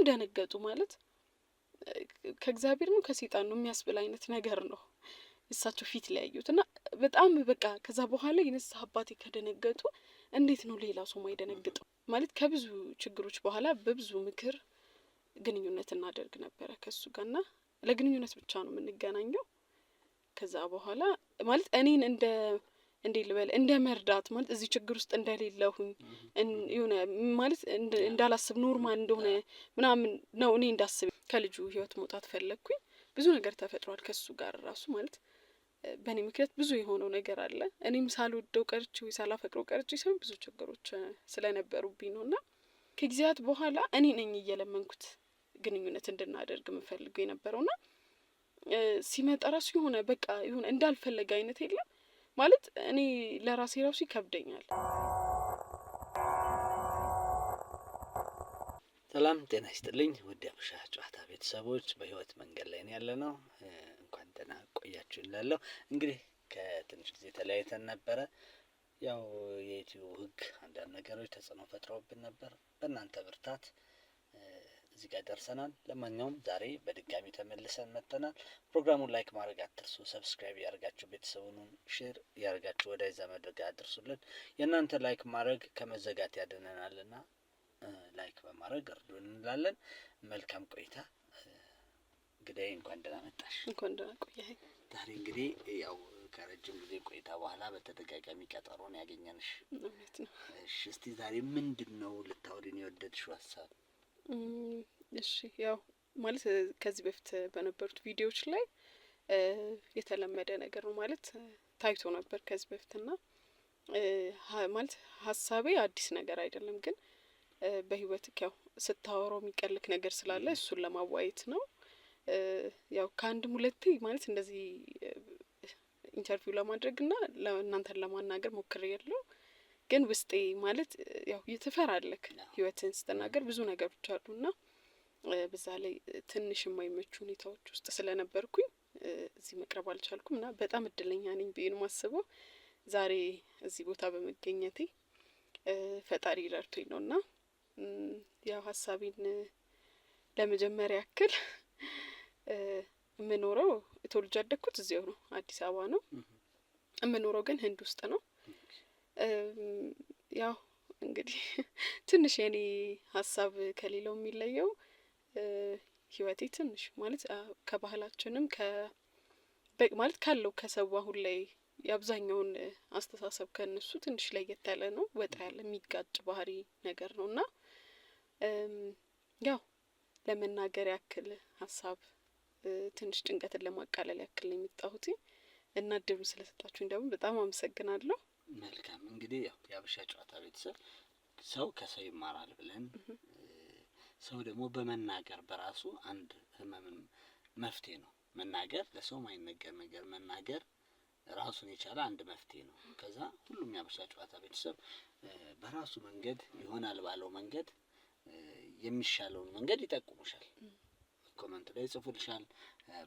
በጣም ደነገጡ። ማለት ከእግዚአብሔር ነው ከሴጣን ነው የሚያስብል አይነት ነገር ነው እሳቸው ፊት ለያዩት እና በጣም በቃ ከዛ በኋላ የነሳ አባቴ ከደነገጡ እንዴት ነው ሌላ ሰው ማይደነግጠው? ማለት ከብዙ ችግሮች በኋላ በብዙ ምክር ግንኙነት እናደርግ ነበረ ከሱ ጋርና ለግንኙነት ብቻ ነው የምንገናኘው። ከዛ በኋላ ማለት እኔን እንደ እንዴ ልበል እንደ መርዳት ማለት እዚህ ችግር ውስጥ እንደሌለሁኝ ሆነ ማለት እንዳላስብ ኖርማል እንደሆነ ምናምን ነው እኔ እንዳስብ ከልጁ ህይወት መውጣት ፈለግኩኝ። ብዙ ነገር ተፈጥሯል ከሱ ጋር ራሱ ማለት በእኔ ምክንያት ብዙ የሆነው ነገር አለ። እኔም ሳልወደው ቀርቼ ወይ ሳላፈቅረው ቀርቼ ሳይሆን ብዙ ችግሮች ስለነበሩብኝ ነው እና ከጊዜያት በኋላ እኔ ነኝ እየለመንኩት ግንኙነት እንድናደርግ የምፈልገው የነበረውና ሲመጣ ራሱ የሆነ በቃ የሆነ እንዳልፈለገ አይነት የለም ማለት እኔ ለራሴ ራሱ ይከብደኛል። ሰላም ጤና ይስጥልኝ ውድ ያበሻ ጨዋታ ቤተሰቦች፣ በህይወት መንገድ ላይ ያለ ነው። እንኳን ጤና ቆያችሁ እላለሁ። እንግዲህ ከትንሽ ጊዜ ተለያይተን ነበረ። ያው የዩትዩብ ህግ አንዳንድ ነገሮች ተጽዕኖ ፈጥረውብን ነበር። በእናንተ ብርታት እዚህ ጋር ደርሰናል። ለማንኛውም ዛሬ በድጋሚ ተመልሰን መጥተናል። ፕሮግራሙን ላይክ ማድረግ አትርሱ። ሰብስክራይብ ያደርጋችሁ ቤተሰቡን ሼር ያደርጋችሁ ወዳጅ ዘመድ ጋር አድርሱልን። የእናንተ ላይክ ማድረግ ከመዘጋት ያድነናል ያድነናልና ላይክ በማድረግ እርዱን እንላለን። መልካም ቆይታ። እንግዲህ እንኳን ደህና መጣሽ። እንኳን ደህና ቆያሽ። ዛሬ እንግዲህ ያው ከረጅም ጊዜ ቆይታ በኋላ በተደጋጋሚ ቀጠሮን ያገኘንሽ እውነት እሺ፣ እስቲ ዛሬ ምንድን ነው ልታወሪን የወደድሽው ሀሳብ? እሺ ያው ማለት ከዚህ በፊት በነበሩት ቪዲዮዎች ላይ የተለመደ ነገር ነው ማለት ታይቶ ነበር ከዚህ በፊት ና ማለት ሀሳቤ አዲስ ነገር አይደለም፣ ግን በህይወት ያው ስታወራው የሚቀልክ ነገር ስላለ እሱን ለማዋየት ነው። ያው ከአንድም ሁለቴ ማለት እንደዚህ ኢንተርቪው ና እናንተን ለማናገር ሞክሬ ያለው ግን ውስጤ ማለት ያው ትፈራለህ ህይወትን ስትናገር ብዙ ነገሮች አሉና በዛ ላይ ትንሽ የማይመቹ ሁኔታዎች ውስጥ ስለነበርኩኝ እዚህ መቅረብ አልቻልኩም እና በጣም እድለኛ ነኝ ብዬ ነው የማስበው። ዛሬ እዚህ ቦታ በመገኘቴ ፈጣሪ ረድቶኝ ነው እና ያው ሀሳቢን ለመጀመሪያ ያክል የምኖረው ተወልጄ ያደግኩት እዚያው ነው፣ አዲስ አበባ ነው የምኖረው፣ ግን ህንድ ውስጥ ነው። ያው እንግዲህ ትንሽ የኔ ሀሳብ ከሌላው የሚለየው ህይወቴ ትንሽ ማለት ከባህላችንም ከ ማለት ካለው ከሰው አሁን ላይ የአብዛኛውን አስተሳሰብ ከእነሱ ትንሽ ለየት ያለ ነው። ወጣ ያለ የሚጋጭ ባህሪ ነገር ነው እና ያው ለመናገር ያክል ሀሳብ ትንሽ ጭንቀትን ለማቃለል ያክል ነው የሚጣሁት እና እድሉን ስለሰጣችሁኝ ደግሞ በጣም አመሰግናለሁ። መልካም እንግዲህ ያው የአበሻ ጨዋታ ቤተሰብ ሰው ከሰው ይማራል ብለን ሰው ደግሞ በመናገር በራሱ አንድ ህመምን መፍትሄ ነው። መናገር ለሰው ማይነገር ነገር መናገር ራሱን የቻለ አንድ መፍትሄ ነው። ከዛ ሁሉም የአበሻ ጨዋታ ቤተሰብ በራሱ መንገድ ይሆናል ባለው መንገድ የሚሻለውን መንገድ ይጠቁሙሻል። ኮመንት ላይ ጽፉልሻል።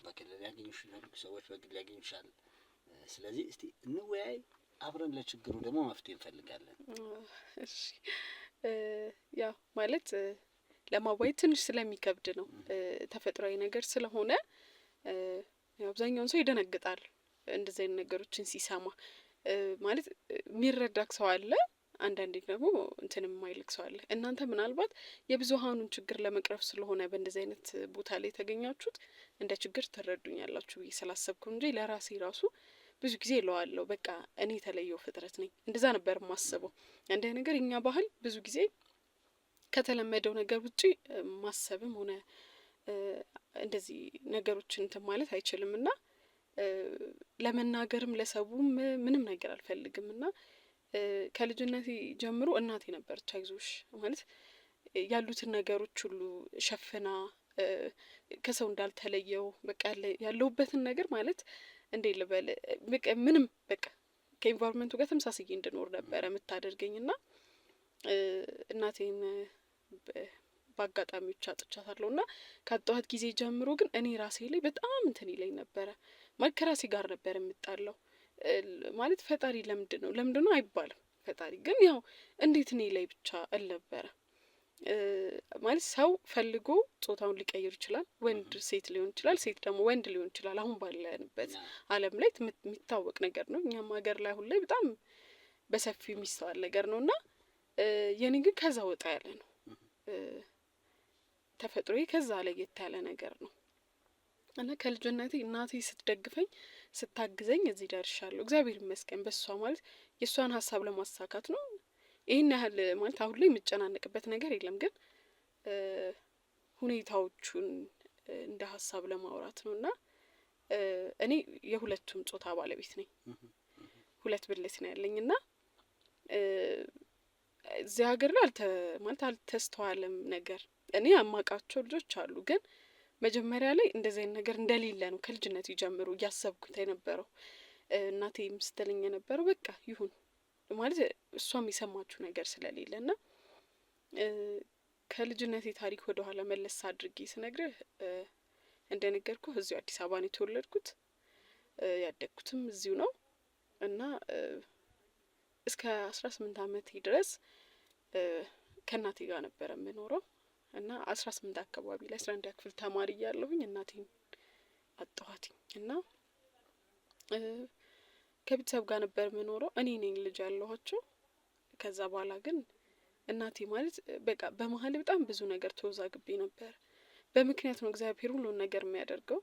በክልል ያገኙሻል፣ ሰዎች በግል ያገኙሻል። ስለዚህ እስቲ እንወያይ። አብረን ለችግሩ ደግሞ መፍትሄ እንፈልጋለን። እሺ ማለት ለማዋየት ትንሽ ስለሚከብድ ነው፣ ተፈጥሯዊ ነገር ስለሆነ አብዛኛውን ሰው ይደነግጣል እንደዚህ አይነት ነገሮችን ሲሰማ። ማለት የሚረዳክ ሰው አለ፣ አንዳንዴ ደግሞ እንትን የማይልክ ሰው አለ። እናንተ ምናልባት የብዙሀኑን ችግር ለመቅረፍ ስለሆነ በእንደዚህ አይነት ቦታ ላይ የተገኛችሁት እንደ ችግር ትረዱኛላችሁ ብዬ ስላሰብኩ እንጂ ለራሴ ራሱ ብዙ ጊዜ እለዋለሁ፣ በቃ እኔ የተለየው ፍጥረት ነኝ። እንደዛ ነበር የማስበው። አንድ ነገር እኛ ባህል ብዙ ጊዜ ከተለመደው ነገር ውጪ ማሰብም ሆነ እንደዚህ ነገሮችን እንትን ማለት አይችልም እና ለመናገርም ለሰቡም ምንም ነገር አልፈልግም እና ከልጅነቴ ጀምሮ እናቴ ነበረች አይዞሽ ማለት ያሉትን ነገሮች ሁሉ ሸፍና ከሰው እንዳልተለየው በቃ ያለሁበትን ነገር ማለት እንዴ ልበል ምንም በቃ ከኢንቫይሮንመንቱ ጋር ተመሳስዬ እንድኖር ነበረ የምታደርገኝ ና እናቴን በአጋጣሚዎች አጥቻታለሁ ና ካጠዋት ጊዜ ጀምሮ ግን እኔ ራሴ ላይ በጣም እንትን ይለኝ ነበረ። ማለት ከራሴ ጋር ነበር የምጣለው። ማለት ፈጣሪ ለምንድን ነው ለምንድን ነው አይባልም። ፈጣሪ ግን ያው እንዴት እኔ ላይ ብቻ አልነበረ ማለት ሰው ፈልጎ ጾታውን ሊቀይር ይችላል። ወንድ ሴት ሊሆን ይችላል፣ ሴት ደግሞ ወንድ ሊሆን ይችላል። አሁን ባለንበት ዓለም ላይ የሚታወቅ ነገር ነው። እኛም ሀገር ላይ አሁን ላይ በጣም በሰፊው የሚስተዋል ነገር ነው እና የኔ ግን ከዛ ወጣ ያለ ነው። ተፈጥሮ ከዛ ለየት ያለ ነገር ነው እና ከልጅነቴ እናቴ ስትደግፈኝ ስታግዘኝ እዚህ ደርሻለሁ። እግዚአብሔር ይመስገን። በሷ ማለት የእሷን ሀሳብ ለማሳካት ነው ይህን ያህል ማለት አሁን ላይ የምጨናነቅበት ነገር የለም፣ ግን ሁኔታዎቹን እንደ ሀሳብ ለማውራት ነው እና እኔ የሁለቱም ጾታ ባለቤት ነኝ። ሁለት ብልት ነው ያለኝ እና እዚህ ሀገር ላይ ማለት አልተስተዋለም ነገር እኔ አማቃቸው ልጆች አሉ፣ ግን መጀመሪያ ላይ እንደዚህ አይነት ነገር እንደሌለ ነው ከልጅነት ይጀምሩ እያሰብኩት የነበረው እናቴ ምስትልኝ የነበረው በቃ ይሁን ማለት እሷም የሰማችው ነገር ስለሌለ ና ከልጅነቴ ታሪክ ወደ ኋላ መለስ አድርጌ ስነግርህ እንደ ነገርኩህ እዚሁ አዲስ አበባ ነው የተወለድኩት፣ ያደግኩትም እዚሁ ነው እና እስከ አስራ ስምንት አመቴ ድረስ ከእናቴ ጋር ነበረ የምኖረው እና አስራ ስምንት አካባቢ ላይ አስራ አንድ ክፍል ተማሪ እያለሁኝ እናቴን አጣኋትኝ እና ከቤተሰብ ጋር ነበር የምኖረው። እኔ ነኝ ልጅ ያለኋቸው። ከዛ በኋላ ግን እናቴ ማለት በቃ በመሀል በጣም ብዙ ነገር ተወዛግቤ ነበር። በምክንያት ነው እግዚአብሔር ሁሉን ነገር የሚያደርገው።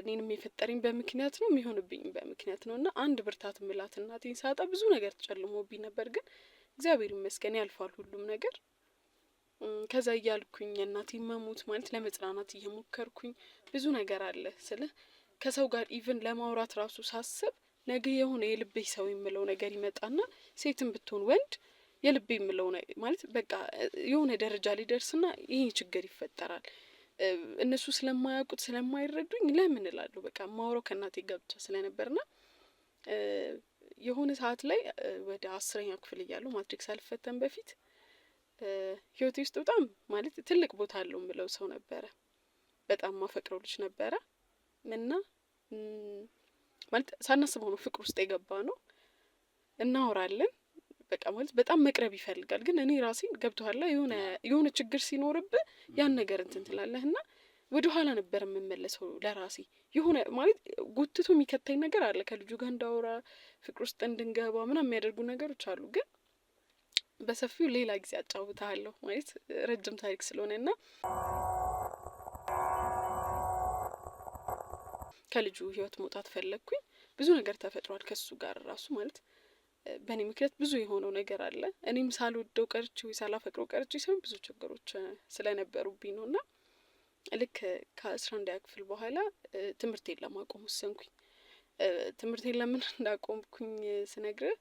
እኔንም የፈጠረኝ በምክንያት ነው፣ የሚሆንብኝ በምክንያት ነው። እና አንድ ብርታት ምላት እናቴን ሳጣ ብዙ ነገር ተጨልሞብኝ ነበር። ግን እግዚአብሔር ይመስገን ያልፋል ሁሉም ነገር። ከዛ እያልኩኝ እናቴ መሞት ማለት ለመጽናናት እየሞከርኩኝ ብዙ ነገር አለ ስለ ከሰው ጋር ኢቨን ለማውራት ራሱ ሳስብ ነገ የሆነ የልቤ ሰው የምለው ነገር ይመጣና ሴትም ብትሆን ወንድ የልቤ የምለው ማለት በቃ የሆነ ደረጃ ሊደርስና ይህ ችግር ይፈጠራል። እነሱ ስለማያውቁት ስለማይረዱኝ ለምን እላለሁ። በቃ ማውረው ከእናቴ ጋር ብቻ ስለነበርና የሆነ ሰዓት ላይ ወደ አስረኛ ክፍል እያለሁ ማትሪክ ሳልፈተን በፊት ህይወቴ ውስጥ በጣም ማለት ትልቅ ቦታ አለው የምለው ሰው ነበረ። በጣም ማፈቅረው ልጅ ነበረ እና ማለት ሳናስበው ነው ፍቅር ውስጥ የገባ ነው። እናወራለን በቃ ማለት በጣም መቅረብ ይፈልጋል። ግን እኔ ራሴን ገብተኋላ የሆነ የሆነ ችግር ሲኖርብህ ያን ነገር እንትን ትላለህ እና ወደኋላ ነበር የምመለሰው ለራሴ የሆነ ማለት ጎትቶ የሚከታኝ ነገር አለ። ከልጁ ጋር እንዳወራ ፍቅር ውስጥ እንድንገባ ምናምን የሚያደርጉ ነገሮች አሉ። ግን በሰፊው ሌላ ጊዜ አጫውታለሁ ማለት ረጅም ታሪክ ስለሆነ እና ከልጁ ህይወት መውጣት ፈለግኩኝ። ብዙ ነገር ተፈጥሯል ከሱ ጋር ራሱ ማለት በእኔ ምክንያት ብዙ የሆነው ነገር አለ። እኔም ሳልወደው ቀርቼ ወይ ሳላፈቅረው ቀርቼ ሳይሆን ብዙ ችግሮች ስለነበሩብኝ ነው። እና ልክ ከአስራ አንድ ክፍል በኋላ ትምህርቴን ለማቆም ወሰንኩኝ። ትምህርቴን ለምን እንዳቆምኩኝ ስነግር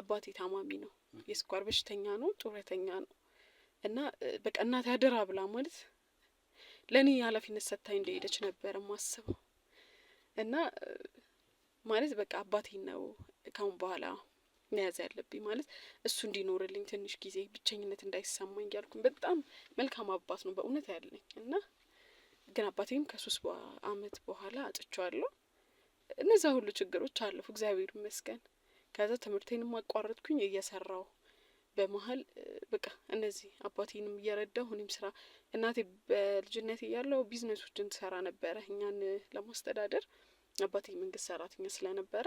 አባቴ ታማሚ ነው፣ የስኳር በሽተኛ ነው፣ ጡረተኛ ነው። እና በቃ እናቴ አደራ ብላ ማለት ለእኔ የኃላፊነት ሰታኝ እንደሄደች ነበር ማስበው እና ማለት በቃ አባቴን ነው ካሁን በኋላ መያዝ ያለብኝ ማለት እሱ እንዲኖርልኝ ትንሽ ጊዜ ብቸኝነት እንዳይሰማኝ እያልኩኝ በጣም መልካም አባት ነው በእውነት ያለኝ እና ግን አባቴም ከሶስት አመት በኋላ አጥቸዋለሁ። እነዚያ ሁሉ ችግሮች አለፉ እግዚአብሔር ይመስገን። ከዛ ትምህርቴንም አቋረጥኩኝ እየሰራው በመሀል በቃ እነዚህ አባቴንም እየረዳሁ እኔም ስራ እናቴ በልጅነት እያለሁ ቢዝነሶችን ትሰራ ነበረ። እኛን ለማስተዳደር አባቴ መንግስት ሰራተኛ ስለነበረ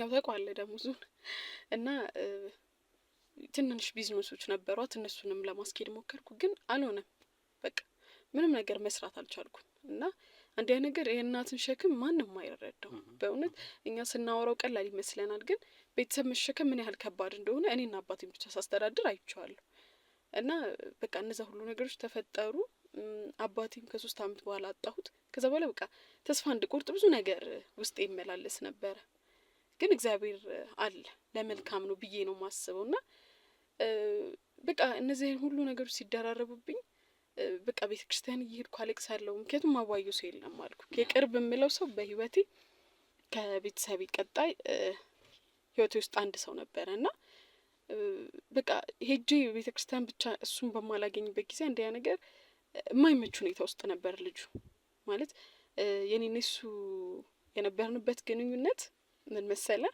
ያው ታውቀዋለህ ደሞዙን እና ትንንሽ ቢዝነሶች ነበሯት። እነሱንም ለማስኬድ ሞከርኩ፣ ግን አልሆነም። በቃ ምንም ነገር መስራት አልቻልኩም። እና አንዲያ ነገር የእናትን ሸክም ማንም አይረዳው። በእውነት እኛ ስናወራው ቀላል ይመስለናል፣ ግን ቤተሰብ መሸከም ምን ያህል ከባድ እንደሆነ እኔና አባቴን ብቻ ሳስተዳድር አይቼዋለሁ። እና በቃ እነዛ ሁሉ ነገሮች ተፈጠሩ። አባቴም ከሶስት አመት በኋላ አጣሁት። ከዛ በኋላ በቃ ተስፋ እንድቆርጥ ብዙ ነገር ውስጤ ይመላለስ ነበረ። ግን እግዚአብሔር አለ ለመልካም ነው ብዬ ነው የማስበው። እና በቃ እነዚህን ሁሉ ነገሮች ሲደራረቡብኝ በቃ ቤተ ክርስቲያን እየሄድኩ አለቅሳለሁ። ምክንያቱም ማዋየው ሰው የለም አልኩ። የቅርብ የምለው ሰው በህይወቴ ከቤተሰብ ቀጣይ ህይወቴ ውስጥ አንድ ሰው ነበረ እና በቃ ሄጄ ቤተ ክርስቲያን ብቻ እሱን በማላገኝበት ጊዜ አንደኛ ነገር የማይመች ሁኔታ ውስጥ ነበር ልጁ ማለት የኔና እሱ የነበርንበት ግንኙነት ምን መሰለ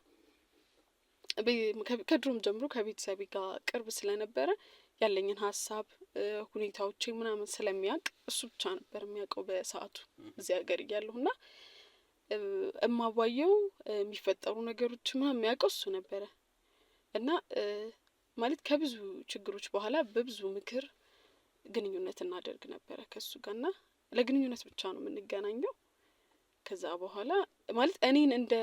ከድሮም ጀምሮ ከቤተሰቤ ጋር ቅርብ ስለነበረ ያለኝን ሀሳብ ሁኔታዎች ምናምን ስለሚያውቅ እሱ ብቻ ነበር የሚያውቀው በሰዓቱ እዚህ ሀገር እያለሁ እና እማዋየው የሚፈጠሩ ነገሮች ምናምን የሚያውቀው እሱ ነበረ እና ማለት ከብዙ ችግሮች በኋላ በብዙ ምክር ግንኙነት እናደርግ ነበረ ከእሱ ጋር እና ለግንኙነት ብቻ ነው የምንገናኘው። ከዛ በኋላ ማለት እኔን እንደ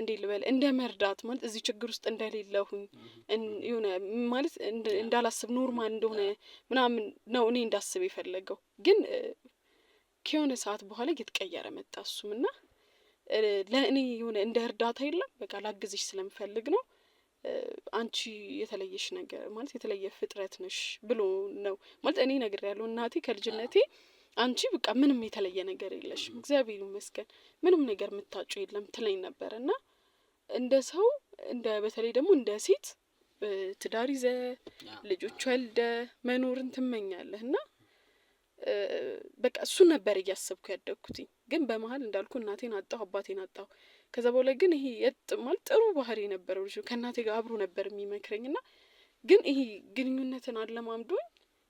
እንዴ ልበል እንደ መርዳት ማለት እዚህ ችግር ውስጥ እንደሌለሁኝ የሆነ ማለት እንዳላስብ ኖርማል እንደሆነ ምናምን ነው እኔ እንዳስብ የፈለገው። ግን ከሆነ ሰዓት በኋላ እየተቀየረ መጣ እሱም እና ለእኔ የሆነ እንደ እርዳታ የለም በቃ ላግዝሽ ስለምፈልግ ነው አንቺ የተለየሽ ነገር ማለት የተለየ ፍጥረት ነሽ ብሎ ነው ማለት እኔ ነገር ያለው እናቴ ከልጅነቴ አንቺ በቃ ምንም የተለየ ነገር የለሽም እግዚአብሔር ይመስገን ምንም ነገር የምታጩ የለም ትለኝ ነበር እና እንደ ሰው እንደ በተለይ ደግሞ እንደ ሴት ትዳር ይዘ ልጆች ወልደ መኖርን ትመኛለህ እና በቃ እሱን ነበር እያሰብኩ ያደግኩትኝ። ግን በመሀል እንዳልኩ እናቴን አጣሁ፣ አባቴን አጣሁ። ከዛ በኋላ ግን ይሄ የጥማል ጥሩ ባህሪ የነበረው ልጅ ከእናቴ ጋር አብሮ ነበር የሚመክረኝ ና ግን ይሄ ግንኙነትን አለማምዶኝ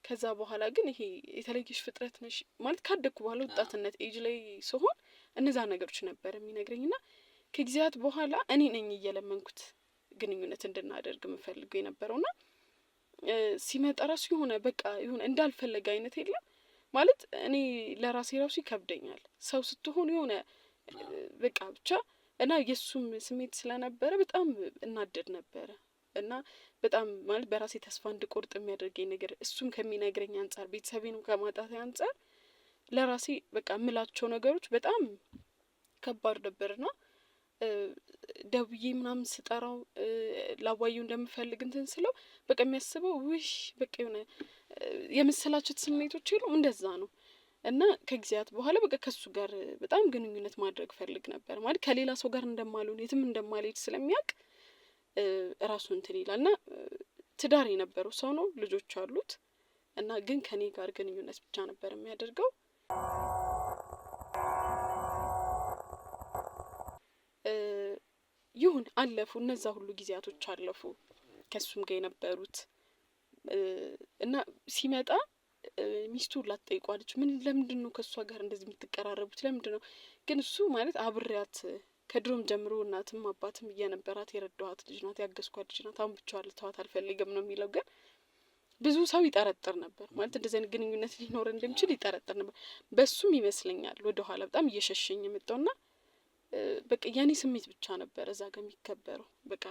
ከዛ በኋላ ግን ይሄ የተለየሽ ፍጥረት ነሽ ማለት ካደግኩ በኋላ ወጣትነት ኤጅ ላይ ስሆን እነዛ ነገሮች ነበር የሚነግረኝ እና ከጊዜያት በኋላ እኔ ነኝ እየለመንኩት ግንኙነት እንድናደርግ የምፈልገው የነበረው ና ሲመጣ ራሱ የሆነ በቃ የሆነ እንዳልፈለገ አይነት የለም ማለት እኔ ለራሴ ራሱ ይከብደኛል። ሰው ስትሆን የሆነ በቃ ብቻ እና የእሱም ስሜት ስለነበረ በጣም እናደድ ነበረ እና በጣም ማለት በራሴ ተስፋ እንድቆርጥ የሚያደርገኝ ነገር እሱም ከሚነግረኝ አንጻር ቤተሰቤንም ከማጣት አንጻር ለራሴ በቃ የምላቸው ነገሮች በጣም ከባድ ና ደውዬ ምናምን ስጠራው ላዋየው እንደምፈልግ እንትን ስለው በቃ የሚያስበው ውሽ በቃ የሆነ የመሰላቸት ስሜቶች የሉም። እንደዛ ነው እና ከጊዜያት በኋላ በቃ ከሱ ጋር በጣም ግንኙነት ማድረግ ፈልግ ነበር ማለት ከሌላ ሰው ጋር እንደማልሆን የትም እንደማልሄድ ስለሚያውቅ ራሱ እንትን ይላል እና ትዳር የነበረው ሰው ነው፣ ልጆች አሉት እና ግን ከኔ ጋር ግንኙነት ብቻ ነበር የሚያደርገው። ይሁን አለፉ፣ እነዛ ሁሉ ጊዜያቶች አለፉ ከሱም ጋር የነበሩት እና ሲመጣ ሚስቱ ላትጠይቋለች ምን ለምንድን ነው ከእሷ ጋር እንደዚህ የምትቀራረቡት ለምንድን ነው ግን እሱ ማለት አብሬያት ከድሮም ጀምሮ እናትም አባትም እየነበራት የረዳኋት ልጅ ናት ያገዝኳት ልጅ ናት አሁን ብቻዋን ልተዋት አልፈልግም ነው የሚለው ግን ብዙ ሰው ይጠረጥር ነበር ማለት እንደዚህ አይነት ግንኙነት ሊኖር እንደሚችል ይጠረጥር ነበር በሱም ይመስለኛል ወደኋላ በጣም እየሸሸኝ የመጣውና በቃ የኔ ስሜት ብቻ ነበር እዛ ጋር የሚከበረው በቃ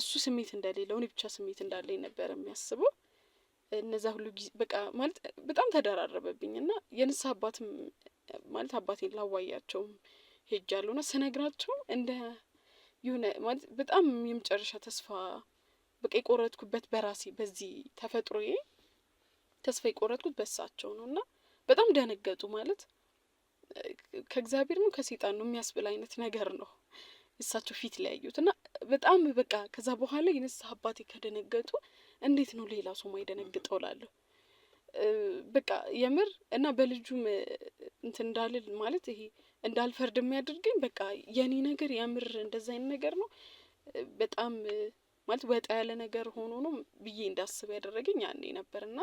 እሱ ስሜት እንደሌለው እኔ ብቻ ስሜት እንዳለኝ ነበር የሚያስበው። እነዛ ሁሉ ጊዜ በቃ ማለት በጣም ተደራረበብኝ እና የንስሐ አባትም ማለት አባቴን ላዋያቸውም ሄጃለሁ እና ስነግራቸው እንደ የሆነ ማለት በጣም የመጨረሻ ተስፋ በቃ የቆረጥኩበት በራሴ በዚህ ተፈጥሮዬ ተስፋ የቆረጥኩት በሳቸው ነው እና በጣም ደነገጡ። ማለት ከእግዚአብሔር ነው ከሴጣን ነው የሚያስብል አይነት ነገር ነው እሳቸው ፊት ለያዩት እና በጣም በቃ ከዛ በኋላ የነሳ አባቴ ከደነገጡ እንዴት ነው ሌላ ሰው ማይደነግጠው እላለሁ። በቃ የምር እና በልጁም እንትን እንዳልል ማለት ይሄ እንዳልፈርድ የሚያደርገኝ በቃ የኔ ነገር የምር እንደዛ አይነት ነገር ነው። በጣም ማለት ወጣ ያለ ነገር ሆኖ ነው ብዬ እንዳስብ ያደረገኝ ያኔ ነበር እና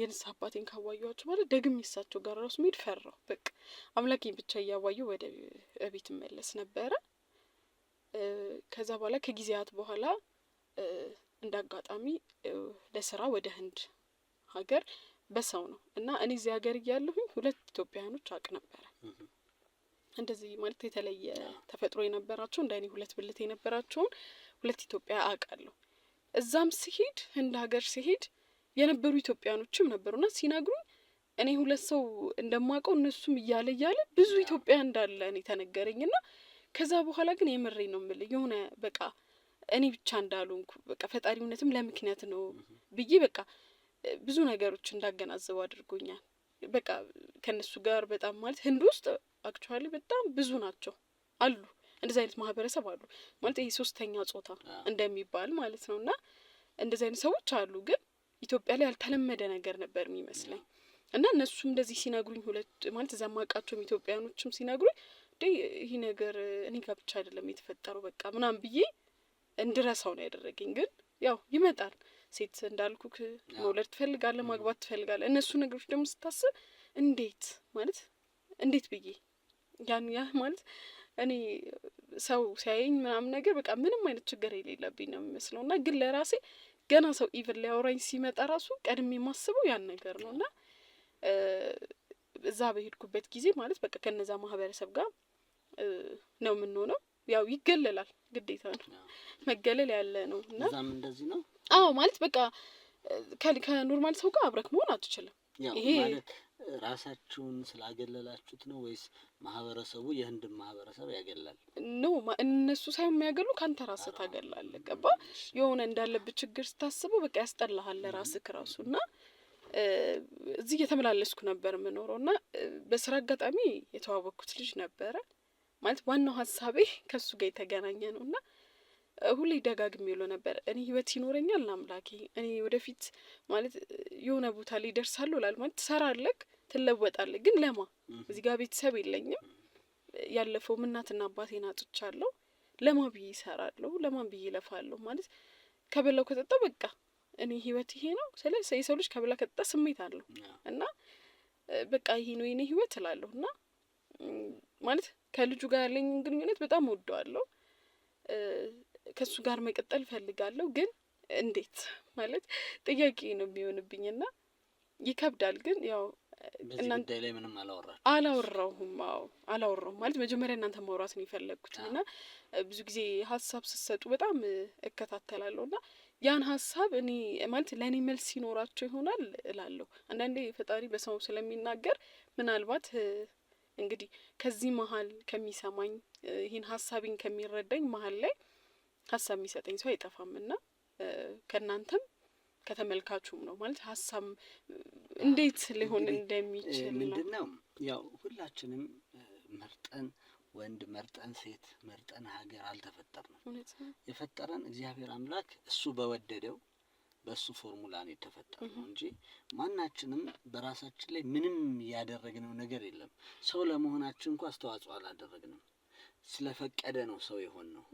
የንስሐ አባቴን ካዋየኋቸው ማለት ደግም የሳቸው ጋር ራሱ መሄድ ፈራሁ። በቃ አምላኬን ብቻ እያዋየሁ ወደ ቤት መለስ ነበረ። ከዛ በኋላ ከጊዜያት በኋላ እንደ አጋጣሚ ለስራ ወደ ህንድ ሀገር በሰው ነው እና እኔ እዚህ ሀገር እያለሁኝ ሁለት ኢትዮጵያውያኖች አቅ ነበረ። እንደዚህ ማለት የተለየ ተፈጥሮ የነበራቸው እንደ እኔ ሁለት ብልት የነበራቸውን ሁለት ኢትዮጵያ አውቃለሁ። እዛም ሲሄድ ህንድ ሀገር ሲሄድ የነበሩ ኢትዮጵያኖችም ነበሩና ሲነግሩኝ እኔ ሁለት ሰው እንደማውቀው እነሱም እያለ እያለ ብዙ ኢትዮጵያ እንዳለ እኔ ተነገረኝና ከዛ በኋላ ግን የምሬ ነው የምል የሆነ በቃ እኔ ብቻ እንዳልሆንኩ በቃ ፈጣሪ እውነትም ለምክንያት ነው ብዬ በቃ ብዙ ነገሮች እንዳገናዘበው አድርጎኛል። በቃ ከእነሱ ጋር በጣም ማለት ህንድ ውስጥ አክቹዋሊ በጣም ብዙ ናቸው አሉ እንደዚህ አይነት ማህበረሰብ አሉ ማለት ይሄ ሶስተኛ ጾታ እንደሚባል ማለት ነው። እና እንደዚህ አይነት ሰዎች አሉ፣ ግን ኢትዮጵያ ላይ ያልተለመደ ነገር ነበር የሚመስለኝ እና እነሱም እንደዚህ ሲነግሩኝ ሁለት ማለት እዛ ማውቃቸውም ኢትዮጵያኖችም ሲነግሩኝ ወልዴ ይህ ነገር እኔ ጋር ብቻ አይደለም የተፈጠረው በቃ ምናምን ብዬ እንድረሳው ነው ያደረገኝ። ግን ያው ይመጣል። ሴት እንዳልኩክ መውለድ ትፈልጋለ ማግባት ትፈልጋለህ። እነሱ ነገሮች ደግሞ ስታስብ እንዴት ማለት እንዴት ብዬ ያን ያህ ማለት እኔ ሰው ሲያየኝ ምናምን ነገር በቃ ምንም አይነት ችግር የሌለብኝ ነው የሚመስለው እና ግን ለራሴ ገና ሰው ኢቭን ሊያወራኝ ሲመጣ ራሱ ቀድሜ የማስበው ያን ነገር ነው እና እዛ በሄድኩበት ጊዜ ማለት በቃ ከነዛ ማህበረሰብ ጋር ነው የምንሆነው። ያው ይገለላል፣ ግዴታ ነው መገለል ያለ ነው እና እንደዚህ ነው። አዎ ማለት በቃ ከኖርማል ሰው ጋር አብረክ መሆን አትችልም። ይሄ ራሳችሁን ስላገለላችሁት ነው ወይስ ማህበረሰቡ የህንድን ማህበረሰብ ያገላል? ኖ እነሱ ሳይሆን የሚያገሉ ከአንተ ራስህ ታገላለ። ገባ? የሆነ እንዳለብህ ችግር ስታስበው በቃ ያስጠላሃል ራስህ እራሱ እና እዚህ እየተመላለስኩ ነበር የምኖረው እና በስራ አጋጣሚ የተዋወቅኩት ልጅ ነበረ ማለት ዋናው ሀሳቤ ከሱ ጋር የተገናኘ ነው እና ሁሌ ደጋግሜ ብሎ ነበር። እኔ ህይወት ይኖረኛል አምላኬ፣ እኔ ወደፊት ማለት የሆነ ቦታ ላይ ደርሳለሁ ላል ማለት ትሰራለህ፣ ትለወጣለ ግን ለማ እዚህ ጋር ቤተሰብ የለኝም። ያለፈውም እናትና አባቴን አጥቻለሁ። ለማ ብዬ ይሰራለሁ፣ ለማ ብዬ ይለፋለሁ። ማለት ከበላው ከጠጣው በቃ እኔ ህይወት ይሄ ነው። ስለዚህ የሰው ልጅ ከበላ ከጠጣ ስሜት አለሁ እና በቃ ይሄ ነው የኔ ህይወት እላለሁ እና ማለት ከልጁ ጋር ያለኝን ግንኙነት በጣም ወደዋለሁ። ከእሱ ጋር መቀጠል ፈልጋለሁ። ግን እንዴት ማለት ጥያቄ ነው የሚሆንብኝና ይከብዳል። ግን ያው እናንተ ላይ ምንም አላወራ አላወራሁም። አዎ አላወራሁም ማለት መጀመሪያ እናንተ ማውራት ነው የፈለግኩት እና ብዙ ጊዜ ሀሳብ ስትሰጡ በጣም እከታተላለሁ እና ያን ሀሳብ እኔ ማለት ለእኔ መልስ ሲኖራቸው ይሆናል እላለሁ። አንዳንዴ ፈጣሪ በሰው ስለሚናገር ምናልባት እንግዲህ ከዚህ መሀል ከሚሰማኝ ይህን ሀሳቢን ከሚረዳኝ መሀል ላይ ሀሳብ የሚሰጠኝ ሰው አይጠፋም እና ከእናንተም ከተመልካቹም ነው ማለት ሀሳብ እንዴት ሊሆን እንደሚችል ምንድነው ያው ሁላችንም መርጠን ወንድ መርጠን ሴት መርጠን ሀገር አልተፈጠርንም። የፈጠረን እግዚአብሔር አምላክ እሱ በወደደው በእሱ ፎርሙላ ነው የተፈጠረ ነው እንጂ ማናችንም በራሳችን ላይ ምንም ያደረግነው ነገር የለም። ሰው ለመሆናችን እንኳ አስተዋጽኦ አላደረግንም። ስለፈቀደ ነው ሰው የሆን ነው።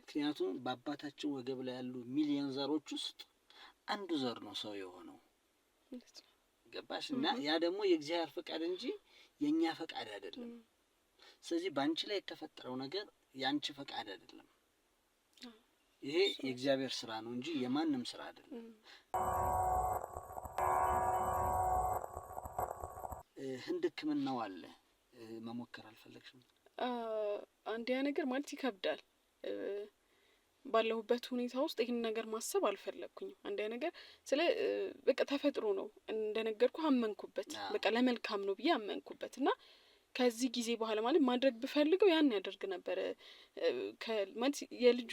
ምክንያቱም በአባታችን ወገብ ላይ ያሉ ሚሊዮን ዘሮች ውስጥ አንዱ ዘር ነው ሰው የሆነው። ገባሽ? እና ያ ደግሞ የእግዚአብሔር ፈቃድ እንጂ የእኛ ፈቃድ አይደለም። ስለዚህ በአንቺ ላይ የተፈጠረው ነገር የአንቺ ፈቃድ አይደለም። ይሄ የእግዚአብሔር ስራ ነው እንጂ የማንም ስራ አይደለም። ህንድ ህክምናው አለ። መሞከር አልፈለግሽም? አንድ ያ ነገር ማለት ይከብዳል። ባለሁበት ሁኔታ ውስጥ ይህን ነገር ማሰብ አልፈለግኩኝም። አንድ ያ ነገር ስለ በቃ ተፈጥሮ ነው እንደነገርኩ አመንኩበት። በቃ ለመልካም ነው ብዬ አመንኩበት እና ከዚህ ጊዜ በኋላ ማለት ማድረግ ብፈልገው ያን ያደርግ ነበረ ማለት የልጁ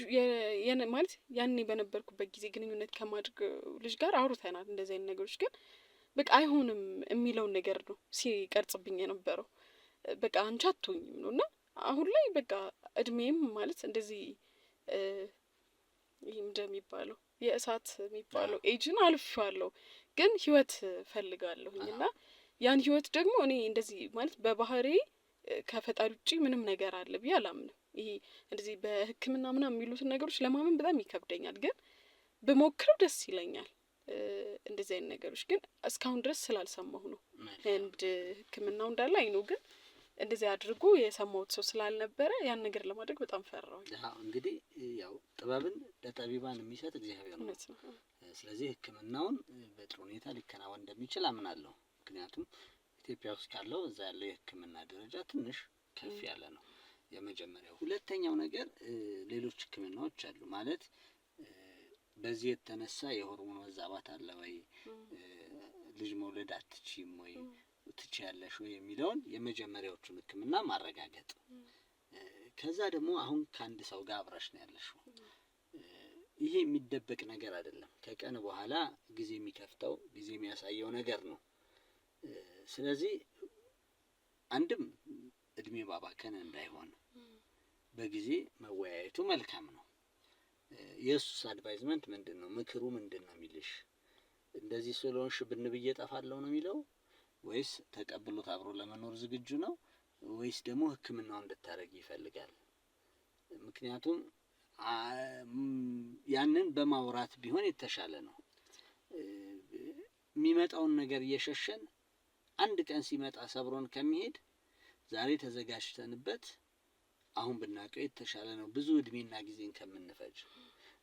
ማለት ያኔ በነበርኩበት ጊዜ ግንኙነት ከማድረግ ልጅ ጋር አውርተናል። እንደዚህ አይነት ነገሮች ግን በቃ አይሆንም የሚለውን ነገር ነው ሲቀርጽብኝ የነበረው። በቃ አንቺ አትሆኝም ነው እና አሁን ላይ በቃ እድሜም ማለት እንደዚህ ይህ እንደሚባለው የእሳት የሚባለው ኤጅን አልፌዋለሁ፣ ግን ህይወት ፈልጋለሁኝ እና ያን ህይወት ደግሞ እኔ እንደዚህ ማለት በባህሬ ከፈጣሪ ውጭ ምንም ነገር አለ ብዬ አላምንም። ይሄ እንደዚህ በህክምና ምናምን የሚሉትን ነገሮች ለማመን በጣም ይከብደኛል፣ ግን ብሞክረው ደስ ይለኛል። እንደዚህ አይነት ነገሮች ግን እስካሁን ድረስ ስላልሰማሁ ነው። ህንድ ህክምናው እንዳለ አይኖ ግን እንደዚህ አድርጎ የሰማሁት ሰው ስላልነበረ ያን ነገር ለማድረግ በጣም ፈራሁ። እንግዲህ ያው ጥበብን ለጠቢባን የሚሰጥ እግዚአብሔር ነው። ስለዚህ ህክምናውን በጥሩ ሁኔታ ሊከናወን እንደሚችል አምናለሁ። ምክንያቱም ኢትዮጵያ ውስጥ ካለው እዛ ያለው የሕክምና ደረጃ ትንሽ ከፍ ያለ ነው። የመጀመሪያው። ሁለተኛው ነገር ሌሎች ሕክምናዎች አሉ ማለት በዚህ የተነሳ የሆርሞን መዛባት አለ ወይ፣ ልጅ መውለድ አትችም ወይ፣ ትችያለሽ ወይ የሚለውን የመጀመሪያዎቹን ሕክምና ማረጋገጥ። ከዛ ደግሞ አሁን ከአንድ ሰው ጋር አብረሽ ነው ያለሽው። ይሄ የሚደበቅ ነገር አይደለም። ከቀን በኋላ ጊዜ የሚከፍተው ጊዜ የሚያሳየው ነገር ነው። ስለዚህ አንድም እድሜ ባባከን እንዳይሆን በጊዜ መወያየቱ መልካም ነው። የእሱስ አድቫይዝመንት ምንድን ነው? ምክሩ ምንድን ነው የሚልሽ? እንደዚህ ስለሆንሽ ብን ብዬ ጠፋለሁ ነው የሚለው ወይስ ተቀብሎት አብሮ ለመኖር ዝግጁ ነው? ወይስ ደግሞ ሕክምናው እንድታደረግ ይፈልጋል? ምክንያቱም ያንን በማውራት ቢሆን የተሻለ ነው። የሚመጣውን ነገር እየሸሸን አንድ ቀን ሲመጣ ሰብሮን ከሚሄድ ዛሬ ተዘጋጅተንበት አሁን ብናውቀው የተሻለ ነው፣ ብዙ እድሜና ጊዜን ከምንፈጅ።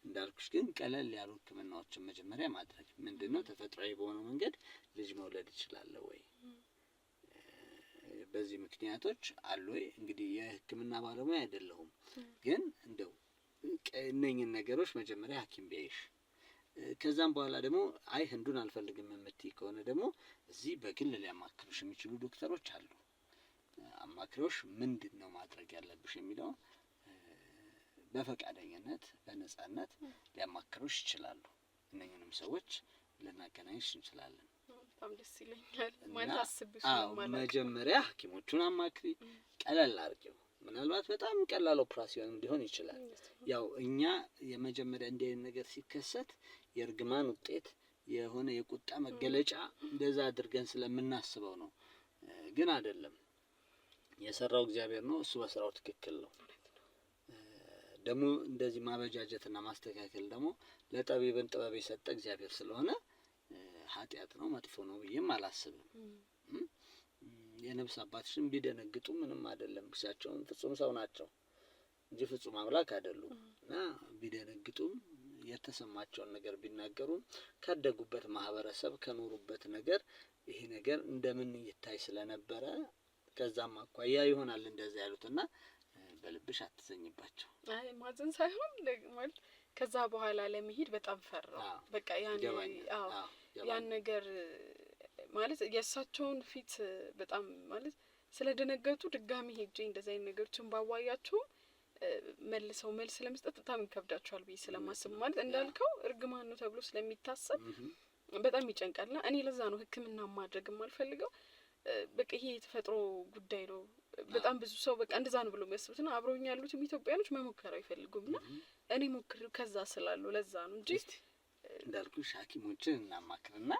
እንዳልኩሽ ግን ቀለል ያሉ ሕክምናዎችን መጀመሪያ ማድረግ ምንድን ነው፣ ተፈጥሯዊ በሆነው መንገድ ልጅ መውለድ እችላለሁ ወይ፣ በዚህ ምክንያቶች አሉ ወይ። እንግዲህ የሕክምና ባለሙያ አይደለሁም፣ ግን እንደው እነኝን ነገሮች መጀመሪያ ሐኪም ቢያይሽ ከዛም በኋላ ደግሞ አይ ህንዱን አልፈልግም የምትይ ከሆነ ደግሞ እዚህ በግል ሊያማክሩሽ የሚችሉ ዶክተሮች አሉ። አማክሮሽ ምንድን ነው ማድረግ ያለብሽ የሚለው በፈቃደኝነት በነጻነት ሊያማክሮሽ ይችላሉ። እነኝንም ሰዎች ልናገናኝሽ እንችላለን። መጀመሪያ ሐኪሞቹን አማክሪ፣ ቀለል አድርጊው። ምናልባት በጣም ቀላል ኦፕራሲዮን ሊሆን ይችላል። ያው እኛ የመጀመሪያ እንዲህ አይነት ነገር ሲከሰት የእርግማን ውጤት የሆነ የቁጣ መገለጫ እንደዛ አድርገን ስለምናስበው ነው። ግን አይደለም። የሰራው እግዚአብሔር ነው። እሱ በስራው ትክክል ነው። ደግሞ እንደዚህ ማበጃጀትና ማስተካከል ደግሞ ለጠቢብን ጥበብ የሰጠ እግዚአብሔር ስለሆነ ኃጢአት ነው መጥፎ ነው ብዬም አላስብም። የነብስ አባትሽም ቢደነግጡ ምንም አይደለም። ክሳቸውም ፍጹም ሰው ናቸው እንጂ ፍጹም አምላክ አይደሉም እና ቢደነግጡም የተሰማቸውን ነገር ቢናገሩም ካደጉበት ማህበረሰብ ከኖሩበት ነገር ይሄ ነገር እንደምን ይታይ ስለነበረ ከዛም አኳያ ይሆናል እንደዛ ያሉት እና በልብሽ አትዘኝባቸው። አይ ማዘን ሳይሆን ማለት ከዛ በኋላ ለመሄድ በጣም ፈራ። በቃ ያን ያን ነገር ማለት የእሳቸውን ፊት በጣም ማለት ስለደነገጡ ድጋሚ ሄጄ እንደዚ አይነት ነገሮችን ባዋያቸውም መልሰው መልስ ለመስጠት በጣም ይከብዳቸዋል ብዬ ስለማስብ ማለት እንዳልከው እርግማን ነው ተብሎ ስለሚታሰብ በጣም ይጨንቃል ና እኔ ለዛ ነው ሕክምና ማድረግ የማልፈልገው። በቃ ይሄ የተፈጥሮ ጉዳይ ነው። በጣም ብዙ ሰው በቃ እንደዛ ነው ብሎ ና አብረውኝ ያሉትም ኢትዮጵያኖች መሞከር አይፈልጉም ና እኔ ሞክር ከዛ ስላሉ ለዛ ነው እንጂ እንዳልኩሽ ሐኪሞችን እናማክርና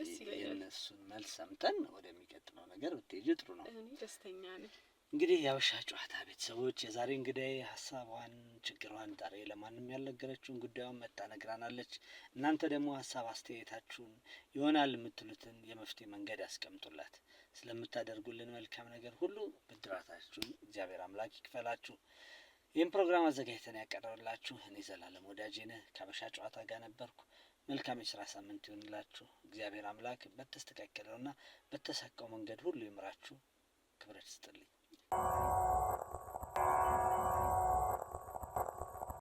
ደስ ይለኛል። የእነሱን መልስ ሰምተን ወደሚቀጥለው ነገር ብትሄጂ ጥሩ ነው። እኔ ደስተኛ ነኝ። እንግዲህ የሀበሻ ጨዋታ ቤተሰቦች የዛሬ እንግዳይ ሀሳቧን ችግሯን ጣሬ ለማንም ያልነገረችውን ጉዳዩን መጣ ነግራናለች። እናንተ ደግሞ ሀሳብ አስተያየታችሁን ይሆናል የምትሉትን የመፍትሄ መንገድ ያስቀምጡላት። ስለምታደርጉልን መልካም ነገር ሁሉ ብድራታችሁን እግዚአብሔር አምላክ ይክፈላችሁ። ይህም ፕሮግራም አዘጋጅተን ያቀረብላችሁ እኔ ዘላለም ወዳጄ ነህ ከሀበሻ ጨዋታ ጋር ነበርኩ። መልካም የስራ ሳምንት ይሆንላችሁ። እግዚአብሔር አምላክ በተስተካከለውና በተሳካው መንገድ ሁሉ ይምራችሁ። ክብረት ስጥልኝ። Thank you.